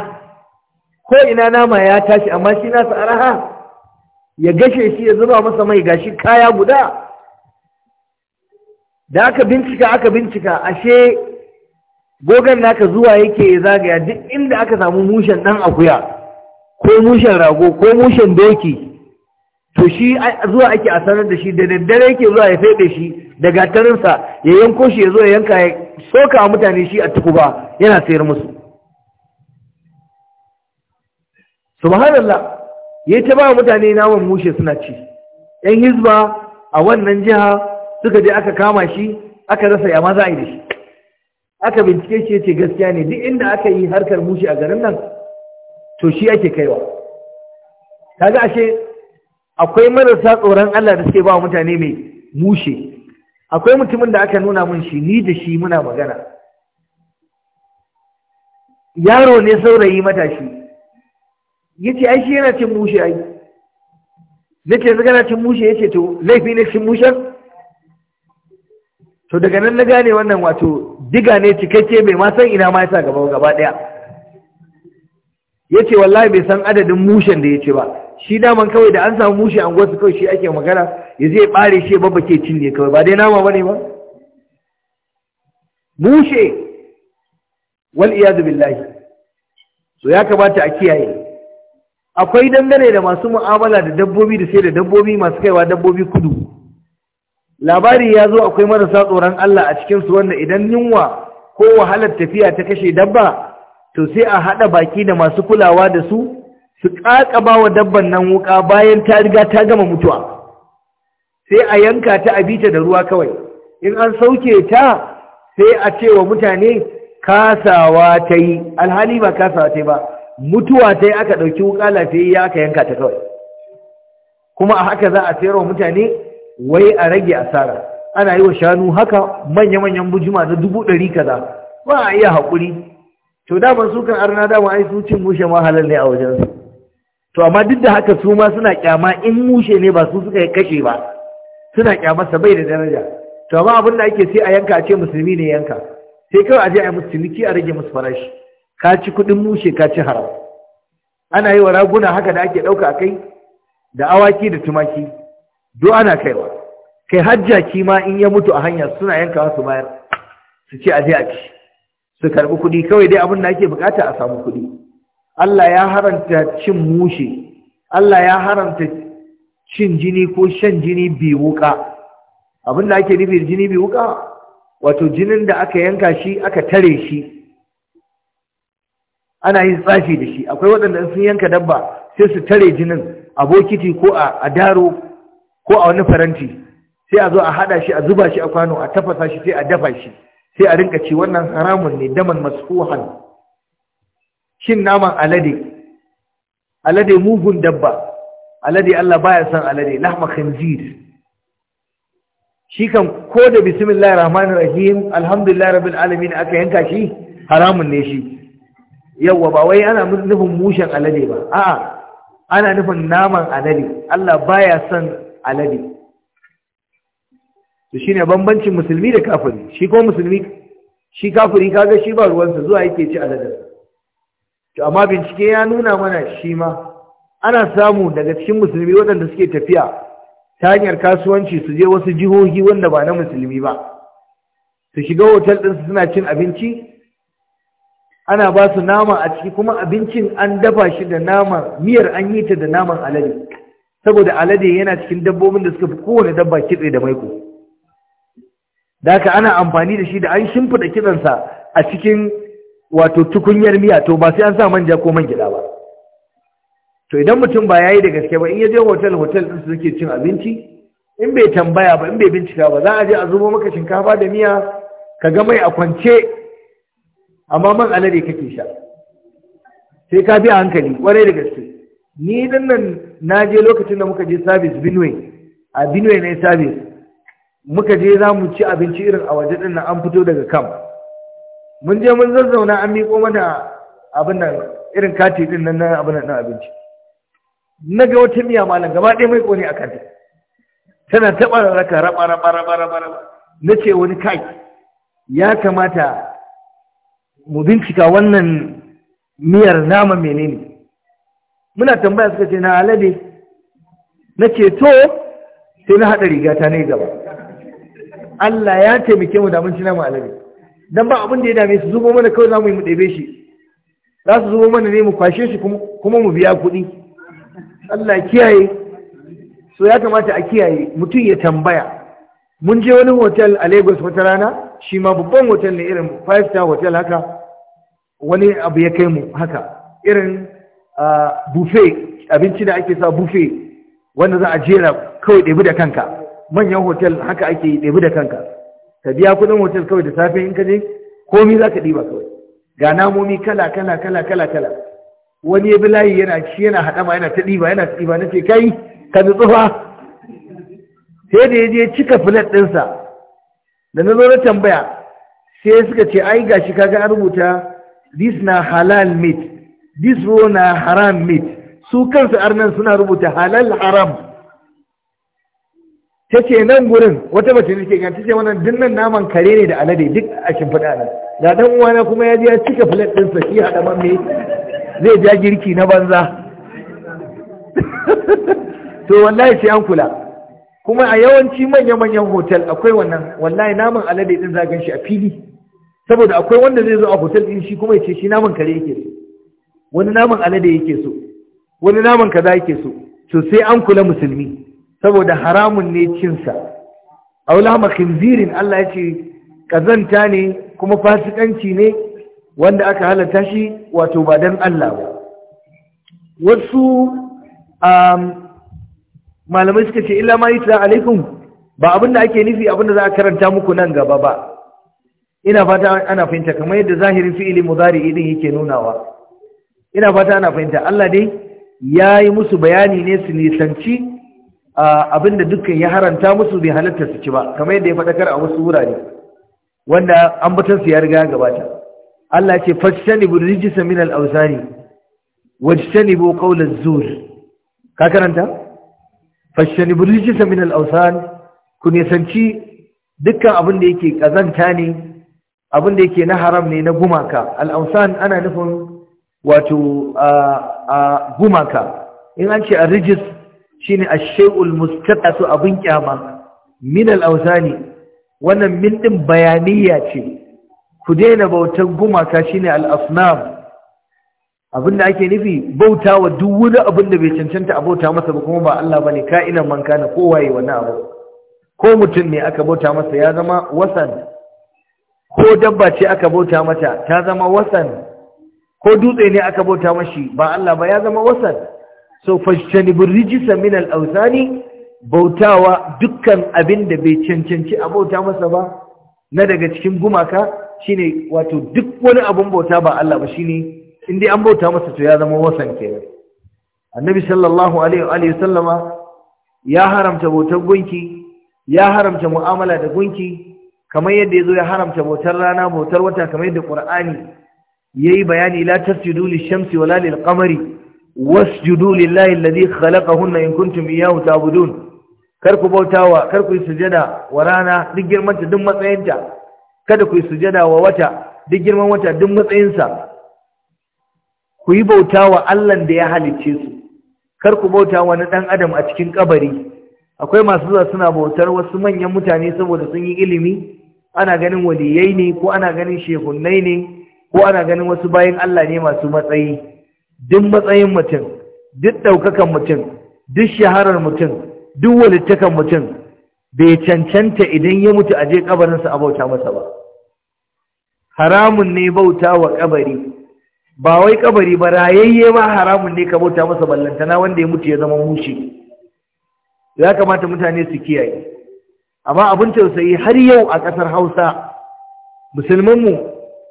ko ina nama ya tashi amma shi nasa arha ya gashe shi ya zuba masa mai gashi kaya guda da aka bincika aka bincika ashe gogon naka zuwa yake ya zagaya duk inda aka samu mushen ɗan akuya ko mushen rago ko mushen doki to shi zuwa ake a sanar da shi da daddare yake zuwa ya feɗe shi da gatarinsa ya yanko shi ya zo ya yanka ya soka mutane shi a tukuba yana sayar musu subhanallah ya ta ba mutane naman mushe suna ci yan hizba a wannan jiha suka je aka kama shi aka rasa ya ma za a da shi aka bincike shi ce gaskiya ne duk inda aka yi harkar mushe a garin nan to shi ake kaiwa kaga ashe akwai marasa tsoron Allah da suke ba mutane mai mushe akwai mutumin da aka nuna mun shi ni da shi muna magana yaro ne saurayi matashi yace ai shi yana cin mushe ai nace zaga na cin mushe yace to laifi ne cin mushen to daga nan na gane wannan wato diga ne cikakke bai ma san ina ma yasa gaba gaba daya yace wallahi bai san adadin mushen da yace ba shi daman kawai da an samu mushe an gwasu kawai shi ake magana ya zai bare shi babba ke cinye kawai ba dai nama bane ba mushe wal iyad billahi to ya kamata a kiyaye akwai dangane da masu mu'amala da dabbobi da sai da dabbobi masu kaiwa dabbobi kudu labari ya zo akwai marasa tsoron Allah a cikin su wanda idan yunwa ko wahalar tafiya ta kashe dabba to sai a haɗa baki da masu kulawa da su su ƙaƙaba wa dabban nan wuka bayan ta riga ta gama mutuwa sai a yanka ta a bita da ruwa kawai in an sauke ta sai a ce wa mutane kasawa ta yi alhali ba kasawa ta yi ba mutuwa ta yi aka ɗauki wuƙa lafiyayya aka yanka ta kawai kuma a haka za a sayar wa mutane wai a rage asara ana yi wa shanu haka manya-manyan bujima na dubu ɗari kaza ba a iya haƙuri to daman su kan arna dama ai su cin mushe ma halal ne a wajensu to amma duk da haka su ma suna kyama in mushe ne ba su suka yi kashe ba suna sa bai da daraja to amma abin da ake sai a yanka a ce musulmi ne yanka sai kawai a je a yi ciniki a rage musu farashi ka ci kuɗin mushe ka ci haram ana yi wa raguna haka da ake ɗauka a kai da awaki da tumaki duk ana kaiwa kai hajja ma in ya mutu a hanya suna yanka su bayar su ce aje a ci su karɓi kuɗi kawai dai abin da ake bukata a samu kuɗi Allah ya haranta cin mushe Allah ya haranta cin jini ko shan jini bi wuka abin da ake nufi jini bi wuka wato jinin da aka yanka shi aka tare shi ana yin tsafi da shi akwai waɗanda sun yanka dabba sai su tare jinin a bokiti ko a daro ko a wani faranti sai a zo a haɗa shi a zuba shi a kwano a tafasa shi sai a dafa shi sai a rinka ci wannan haramun ne daman masuhan shin naman alade alade mugun dabba alade Allah baya son alade lahma khinzir shi kan ko da bismillahir rahmanir rahim alhamdulillahi rabbil alamin aka yanka shi haramun ne shi yawwa ba wai ana nufin mushen alade ba a'a ana nufin naman alade Allah baya son alade to shine bambancin musulmi da kafiri shi ko musulmi shi kafiri kaga shi ba ruwansa zuwa yake ci alade to amma bincike ya nuna mana shi ma ana samu daga cikin musulmi waɗanda suke tafiya ta hanyar kasuwanci su je wasu jihohi wanda ba na musulmi ba su shiga hotel ɗinsu suna cin abinci ana ba su nama a ciki kuma abincin an dafa shi da nama miyar an yi ta da naman alade saboda alade yana cikin dabbobin da suka fi kowane dabba kitse da maiko da haka ana amfani da shi da an shimfiɗa kitsansa a cikin wato tukunyar miya to ba sai an sa manja ko man gida ba to idan mutum ba ya yi da gaske ba in ya je hotel hotel din su suke cin abinci in bai tambaya ba in bai bincika ba za a je a zubo maka shinkafa da miya ka ga mai a kwance amma man alade kake sha sai ka bi a hankali kwarai da gaske ni dan nan na je lokacin da muka je service binway a binway ne service muka je za mu ci abinci irin a waje din nan an fito daga kam mun je mun zazzauna an miƙo mana abin nan irin kati din nan na abin nan abinci na ga wata miya malam gaba ɗaya mai ƙone a kanta tana taɓa raka raba raba raba raba na ce wani kai ya kamata mu bincika wannan miyar nama menene muna tambaya suka ce na alade na ce sai na haɗa ta ne gaba Allah ya taimake mu da mun ci nama alade dan ba abin da ya dame su zubo mana kawai za mu yi mu ɗebe shi za su zubo mana ne mu kwashe shi kuma mu biya kuɗi Allah kiyaye so ya kamata a kiyaye mutum ya tambaya mun je wani hotel a Lagos wata rana shi ma babban hotel ne irin five star hotel haka wani abu ya kai mu haka irin buffet abinci da ake sa buffet wanda za a jera kawai ɗabi da kanka manyan hotel haka ake ɗabi da kanka ka biya kuɗin hotel kawai da safe in ka je komi za ka ɗiba kawai ga namomi kala kala kala kala kala wani ya bi layi yana shi yana haɗa ma yana ta ɗiba yana ta ɗiba na ce kai ka nutsufa sai da ya je cika filet ɗinsa da na zo na tambaya sai suka ce ai gashi kaga an rubuta this na halal meat this na haram meat su kansu arnan suna rubuta halal haram ta ce nan gurin wata mace ne ke gan ta ce wannan dinnan naman kare ne da alade duk a shimfiɗa nan ga dan uwana kuma ya je ya cika filet sa shi haɗa mamme zai ja girki na banza to wallahi sai an kula kuma a yawanci manya-manyan hotel akwai wannan wallahi naman alade din za shi a fili saboda akwai wanda zai zo a hotel din shi kuma ya ce shi naman kare yake so wani naman alade yake so wani naman kaza yake so to sai an kula musulmi saboda haramun ne cinsa aulama khinzirin Allah ya ce kazanta ne kuma fasikanci ne wanda aka halatta shi wato ba dan Allah ba wasu um, malamai suka ce illa ma yutla alaikum ba abin da ake nufi abin da za a karanta muku nan gaba ba ina fata ana fahimta kamar yadda zahirin fi'ili muzari din yake nunawa ina fata ana fahimta Allah dai ya yi musu bayani ne su nisanci abin da dukkan ya haranta musu bai halatta su ci ba kamar yadda ya faɗakar a wasu wurare wanda an ambaton su ya riga gabata Allah ce fastanibu rijisa min al-awsani wajtanibu qawla az-zur ka karanta fashanibul rijisa min al-awsan ku nisanci dukkan abin da yake kazanta ne abin da yake na haram ne na gumaka al-awsan ana nufin wato a gumaka in an ce ar-rijis shine ash-shay'ul mustaqasu abin kyama min al wannan min din bayaniya ce ku daina bautan gumaka shine al-asnam abinda ake nufi bauta wa duk wani abin da bai cancanta a bauta masa ba kuma ba Allah ba ne ka'inan man kana kowaye wannan abu ko mutum ne aka bauta masa ya zama wasan ko dabba ce aka bauta mata ta zama wasan ko dutse ne aka bauta mashi ba Allah ba ya zama wasan so fashtanibur rijisa min al-awsani bautawa dukkan abin da bai cancanci a bauta masa ba na daga cikin gumaka shine wato duk wani abun bauta ba Allah ba shine in dai an bauta masa to ya zama wasan ke. annabi sallallahu alaihi wa sallama ya haramta bautar gunki ya haramta mu'amala da gunki kamar yadda yazo ya haramta bautar rana bautar wata kamar yadda qur'ani yayi bayani la tasjudu lishamsi shamsi wala lilqamari wasjudu lillahi alladhi khalaqahunna in kuntum iyyahu ta'budun kar ku bautawa kar ku sujada wa rana duk girmanta duk matsayinta kada ku yi sujada wa wata duk girman wata duk matsayinsa ku yi bauta wa Allah da ya halicce su kar ku bauta wani ɗan adam a cikin kabari akwai masu zuwa suna bautar wasu manyan mutane saboda sun yi ilimi ana ganin waliyai ne ko ana ganin shehunnai ne ko ana ganin wasu bayan Allah ne masu matsayi duk matsayin mutum duk ɗaukakan mutum duk shaharar mutum duk walittakan mutum bai cancanta idan ya mutu a je kabarinsa a bauta masa ba haramun ne bauta wa kabari ba wai kabari ba rayayye ma haramun ne ka bauta masa ballantana wanda ya mutu ya zama mushi ya kamata mutane su kiyaye amma abin tausayi har yau a ƙasar hausa musulmanmu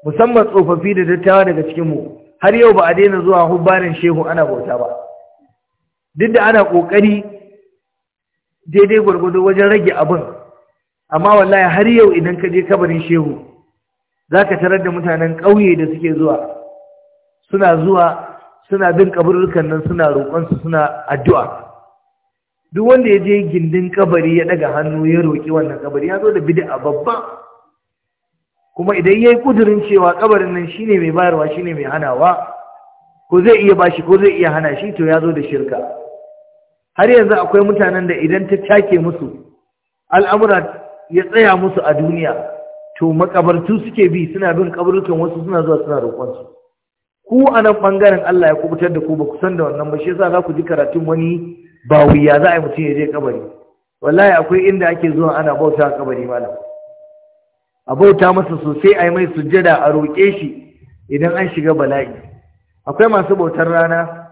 musamman tsofaffi da dattawa daga cikinmu har yau ba a daina zuwa hubbarin shehu ana bauta ba duk da ana ƙoƙari daidai gwargwado wajen rage abin amma wallahi har yau idan ka je kabarin shehu za ka tarar da mutanen ƙauye da suke zuwa suna zuwa suna bin kaburrukan nan suna roƙonsu suna addu'a duk wanda ya je gindin kabari ya daga hannu ya roƙi wannan kabari ya zo da bid'a babba kuma idan yayi kudurin cewa kabarin nan shine mai bayarwa shine mai hanawa ko zai iya bashi ko zai iya hana shi to ya zo da shirka har yanzu akwai mutanen da idan ta take musu al'amura ya tsaya musu a duniya to makabartu suke bi suna bin kaburukan wasu suna zuwa suna roƙonsu ku a nan ɓangaren Allah ya kubutar da ku ba ku san da wannan ba shi yasa za ku ji karatun wani ba wuya za a yi mutum ya je kabari wallahi akwai inda ake zuwa ana bauta a kabari malam a bauta masa sosai a yi mai sujjada a roƙe shi idan an shiga bala'i akwai masu bautar rana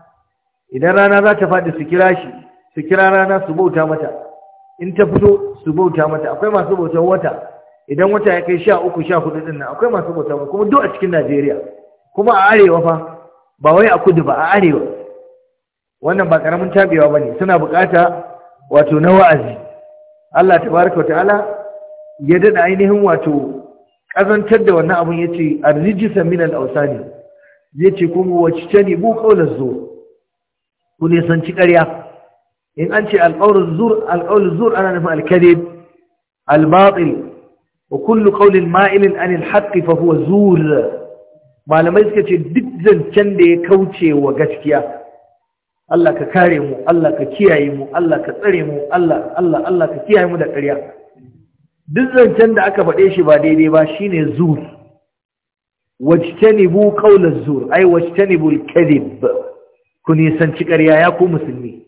idan rana za ta faɗi su kira shi su kira rana su bauta mata in ta fito su bauta mata akwai masu bautar wata idan wata ya kai sha uku sha hudu ɗin nan akwai masu bautar kuma duk a cikin najeriya kuma a arewa fa ba wai a kudu ba a arewa wannan ba karamin tabewa ba ne suna bukata wato na wa'azi Allah tabaraka ta'ala ya dada ainihin wato kazantar da wannan abun yace arrijisa min al-awsani ce kuma wacce bu ƙaunar zur ku ne san ci ƙarya in an ce alƙawlaz zur ana nufin al-kadhib al-batil wa kullu ƙaunin ma'ilin anil haqqi fa huwa zur malamai suka ce duk zancen da ya kauce wa gaskiya Allah ka kare mu Allah ka kiyaye mu Allah ka tsare mu Allah Allah Allah ka kiyaye mu da ƙarya duk zancen da aka faɗe shi ba daidai ba shine zur wajtanibu qawla zur ai wajtanibu al-kadhib ku nisanci ƙarya ya ku musulmi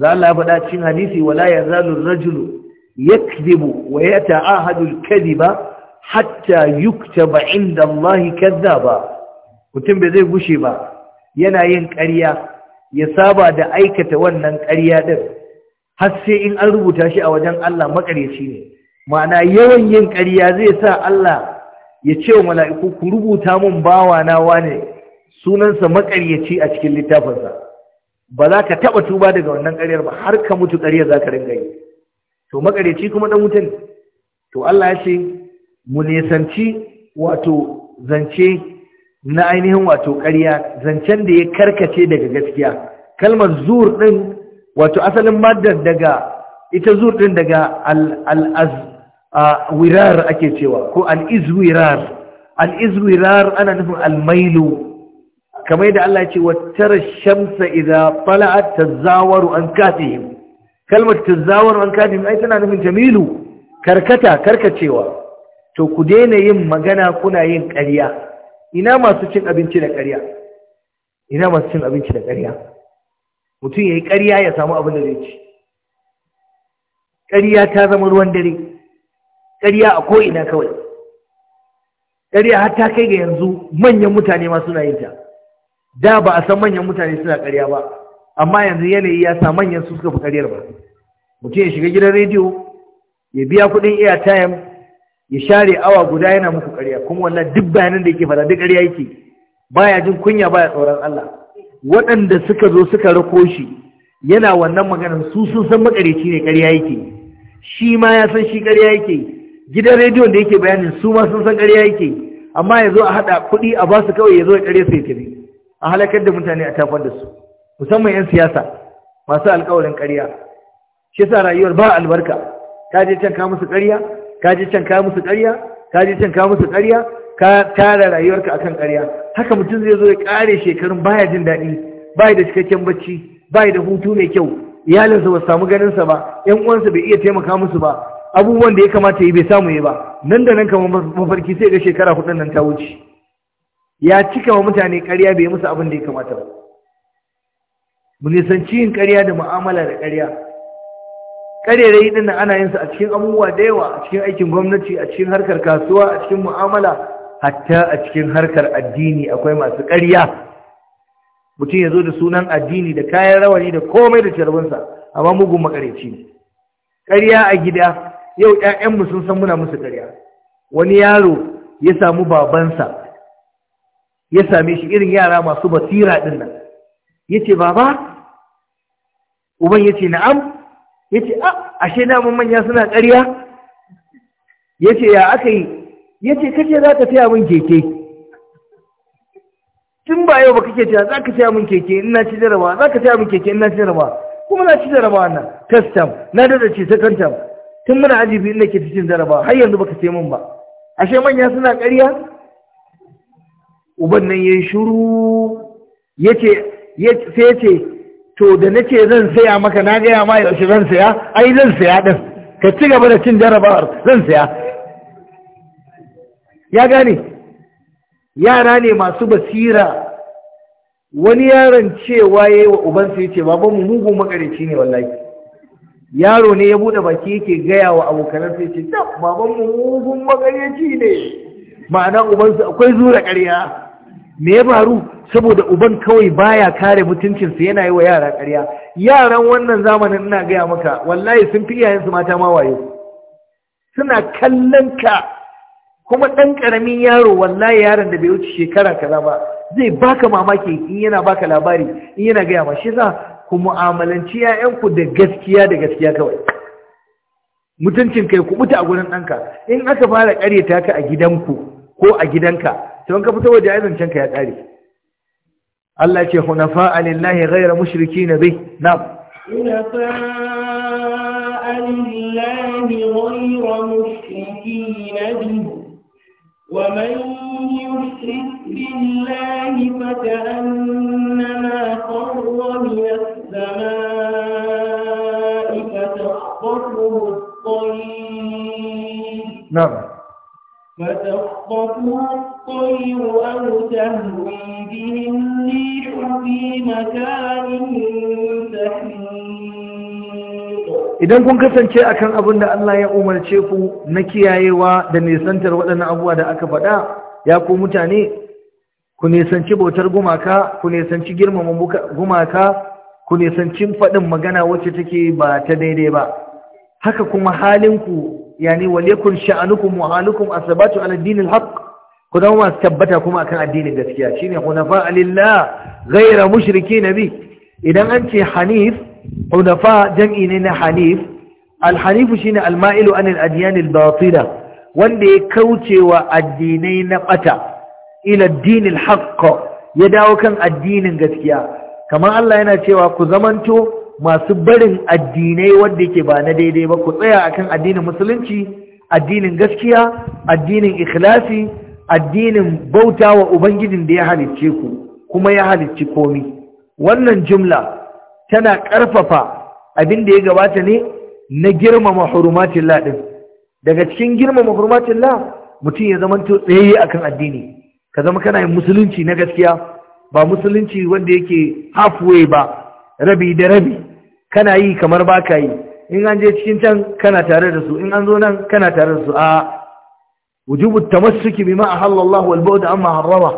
za Allah ya faɗa cikin hadisi wala yazalu ar-rajulu yakdhibu wa yata'ahadu al-kadhiba hatta yuktaba inda Allah kazzaba mutum bai zai gushe ba yana yin ƙarya ya saba da aikata wannan ƙarya ɗin har sai in an rubuta shi a wajen Allah makaryaci ne ma'ana yawan yin ƙarya zai sa Allah ya ce wa mala'iku ku rubuta mun bawa na wane sunansa makaryaci a cikin littafinsa ba za ka taɓa tuba daga wannan ƙaryar ba har ka mutu ƙaryar za ka ringa yi to makaryaci kuma ɗan wuta ne to Allah ya ce mu nisanci wato zance na ainihin wato ƙarya zancen da ya karkace daga gaskiya kalmar zur ɗin wato asalin maddar daga ita zur ɗin daga al'azwirar ake cewa ko al'izwirar al'izwirar ana nufin almailu kamar da Allah ce wattara shamsa idza ta tazawaru an kafihim kalmar tazawaru an kafihim ai tana nufin jamilu karkata karkacewa to ku daina yin magana kuna yin ƙarya ina masu cin abinci da ƙarya ina masu cin abinci da ƙarya mutum ya yi ƙarya ya samu abin da zai ci ƙarya ta zama ruwan dare ƙarya a ko'ina kawai ƙarya har ta kai ga yanzu manyan mutane ma suna yin ta da ba a san manyan mutane suna ƙarya ba amma yanzu yanayi ya sa manyan su suka fi ƙaryar ba mutum ya shiga gidan rediyo ya biya kuɗin airtime ya share awa guda yana muku ƙarya kuma wannan duk bayanan da yake fada duk ƙarya yake baya jin kunya baya tsoron Allah waɗanda suka zo suka rako shi yana wannan maganar su sun san makareci ne ƙarya yake shi ma ya san shi ƙarya yake gidan rediyon da yake bayanin su ma sun san ƙarya yake amma ya a haɗa kuɗi a ba su kawai ya zo ya ƙarya sai tafi a halakar da mutane a tafar da su musamman 'yan siyasa masu alƙawarin ƙarya shi sa rayuwar ba albarka ka je can ka musu ƙarya ka ji can ka musu ƙarya ka ji can ka musu ƙarya ka tara rayuwarka akan ƙarya haka mutum zai zo ya ƙare shekarun baya jin daɗi baya da cikakken bacci baya da hutu mai kyau iyalinsa ba samu ganinsa ba ƴan uwansa bai iya taimaka musu ba abubuwan da ya kamata yi bai samu yi ba nan da nan kamar mafarki sai ga shekara hudun nan ta wuce ya cika wa mutane ƙarya bai musu abin da ya kamata ba mu nisanci yin ƙarya da mu'amala da ƙarya karerai din da ana yin su a cikin abubuwa da yawa a cikin aikin gwamnati a cikin harkar kasuwa a cikin mu'amala hatta a cikin harkar addini akwai masu ƙarya mutum ya zo da sunan addini da kayan rawani da komai da carbinsa amma mugun makareci ne ƙarya a gida yau ƴaƴanmu sun san muna musu ƙarya wani yaro ya samu babansa ya same shi irin yara masu basira dinnan. nan ya ce baba uban ya ce na'am ya ce a ah, ashe namun manya suna ƙarya ya ce ya aka yi ya ce kace za ka taya min keke tun ba yau ba kake taya za ka taya min keke ina ci jarabawa? za ka taya min keke ina ci jarabawa? kuma na ci jarabawa nan kastam. na da ce ta kantam tun muna aji biyu ina ke cikin jarabawa, har yanzu ba ka sai min ba ashe manya suna ƙarya uban nan shuru ya ce sai ce. to da nake zan saya maka na gaya ma yaushe zan saya ai zan saya din ka ci gaba da cin jarabawar zan saya ya gane yara ne masu basira wani yaron cewa ya yi wa ubansa ya ce mu mugu makarici ne wallahi yaro ne ya buɗe baki yake gaya wa abokanansa ya ce mu mugun makarici ne ma'ana ubansa akwai zura ƙarya me ya faru saboda uban kawai baya kare mutuncinsa yana yi wa yara ƙarya yaran wannan zamanin ina gaya maka wallahi sun fi iyayensu mata ma wayo suna kallon ka kuma ɗan ƙaramin yaro wallahi yaron da bai wuce shekara kaza ba zai baka mamaki in yana baka labari in yana gaya ma shi sa ku mu'amalanci 'ya'yanku da gaskiya da gaskiya kawai mutuncin kai ku buta a gurin ɗanka in aka fara ƙaryata ka a gidanku ko a gidanka to in ka fito waje ai zancen ka ya ƙare الله ce hunafa'a لله غير مشركين به نعم حنفاء لله غير مشركين به ومن يشرك بالله فكأنما خر من السماء فتخطفه الطير نعم فتخطفه أو تهوي به في مكان idan kun kasance a kan abin da Allah ya umarce ku na kiyayewa da nisantar waɗannan abubuwa da aka faɗa ya ku mutane ku nisanci bautar gumaka ku nisanci girmama gumaka ku nisanci faɗin magana wacce take ba ta daidai ba haka kuma halinku yani walekun sha’anukun wa asabatu aladdinin dinil ku zama masu tabbata kuma akan addinin gaskiya shine hunafa lillah ghayra mushrikin bi idan an ce hanif hunafa jam'i ne na hanif alhanifu shine alma'ilu anil adyan albatila wanda ya kauce wa addinai na bata ila addinil haqq ya dawo kan addinin gaskiya kamar Allah yana cewa ku zamanto masu barin addinai wanda ke ba na daidai ba ku tsaya akan addinin musulunci addinin gaskiya addinin ikhlasi addinin bauta wa ubangijin da ya halicce ku kuma ya halicci komi wannan jumla tana ƙarfafa abin da ya gabata ne na girmama hurumatin Laɗin. daga cikin girmama hurumatin la mutum ya zama to tsaye akan addini ka zama kana yin musulunci na gaskiya ba musulunci wanda yake halfway ba rabi da rabi kana yi kamar ba ka yi in an je cikin can kana tare da su in an zo nan kana tare da su a wujubu tamassuki bima halallahu wal bu'd amma harrama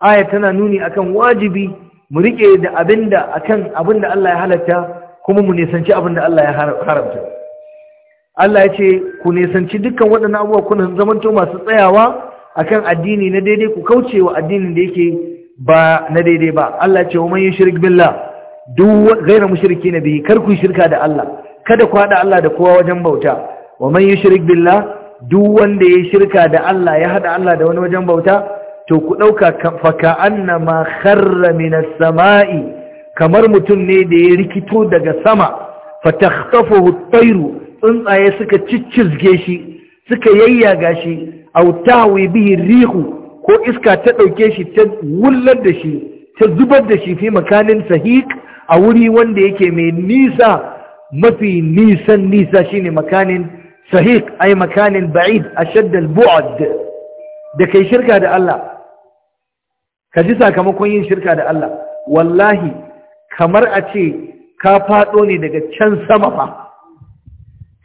aya tana nuni akan wajibi mu rike da abinda akan abinda Allah ya halatta kuma mu nisanci abinda Allah ya haramta Allah ya ce ku nisanci dukkan waɗannan abubuwa kuna zamanto masu tsayawa akan addini na daidai ku kauce wa addini da yake ba na daidai ba Allah ya ce wa man yushrik billah duk gairu mushriki na kar ku shirka da Allah kada ku hada Allah da kowa wajen bauta wa man yushrik billah duk wanda ya shirka da Allah ya haɗa Allah da wani wajen bauta to ku dauka faka annama kharra minas sama'i kamar mutum ne da ya rikito daga sama fatakhtafuhu at-tayru tsuntsaye suka ciccizge shi suka yayyaga shi aw tahwi bihi rihu ko iska ta dauke shi ta wullar da shi ta zubar da shi fi makanin sahiq a wuri wanda yake mai nisa mafi nisan nisa shine makanin sahiq ay makanin ba'id a al-bu'd da kai shirka da Allah ka ji sakamakon yin shirka da Allah wallahi kamar a ce ka fado ne daga can sama fa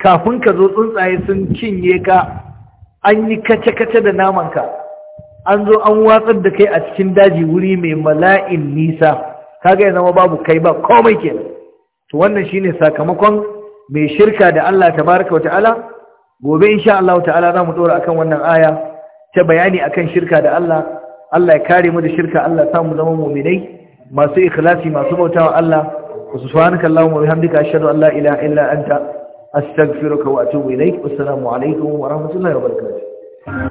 kafin ka zo tsuntsaye sun cinye ka an yi kace-kace da naman ka. an zo an watsar da kai a cikin daji wuri mai mala'in nisa kaga ya zama babu kai ba komai kenan to wannan shine sakamakon mai shirka da Allah tabaraka wa ta'ala gobe insha Allah ta'ala za mu dora akan wannan aya ta bayani akan shirka da Allah Allah ya kare mu da shirka Allah ya samu zama mu'minai masu ikhlasi masu bautawa Allah subhanaka allahumma wa bihamdika ashhadu an la ilaha illa anta astaghfiruka wa atubu ilaik assalamu alaikum wa rahmatullahi wa barakatuh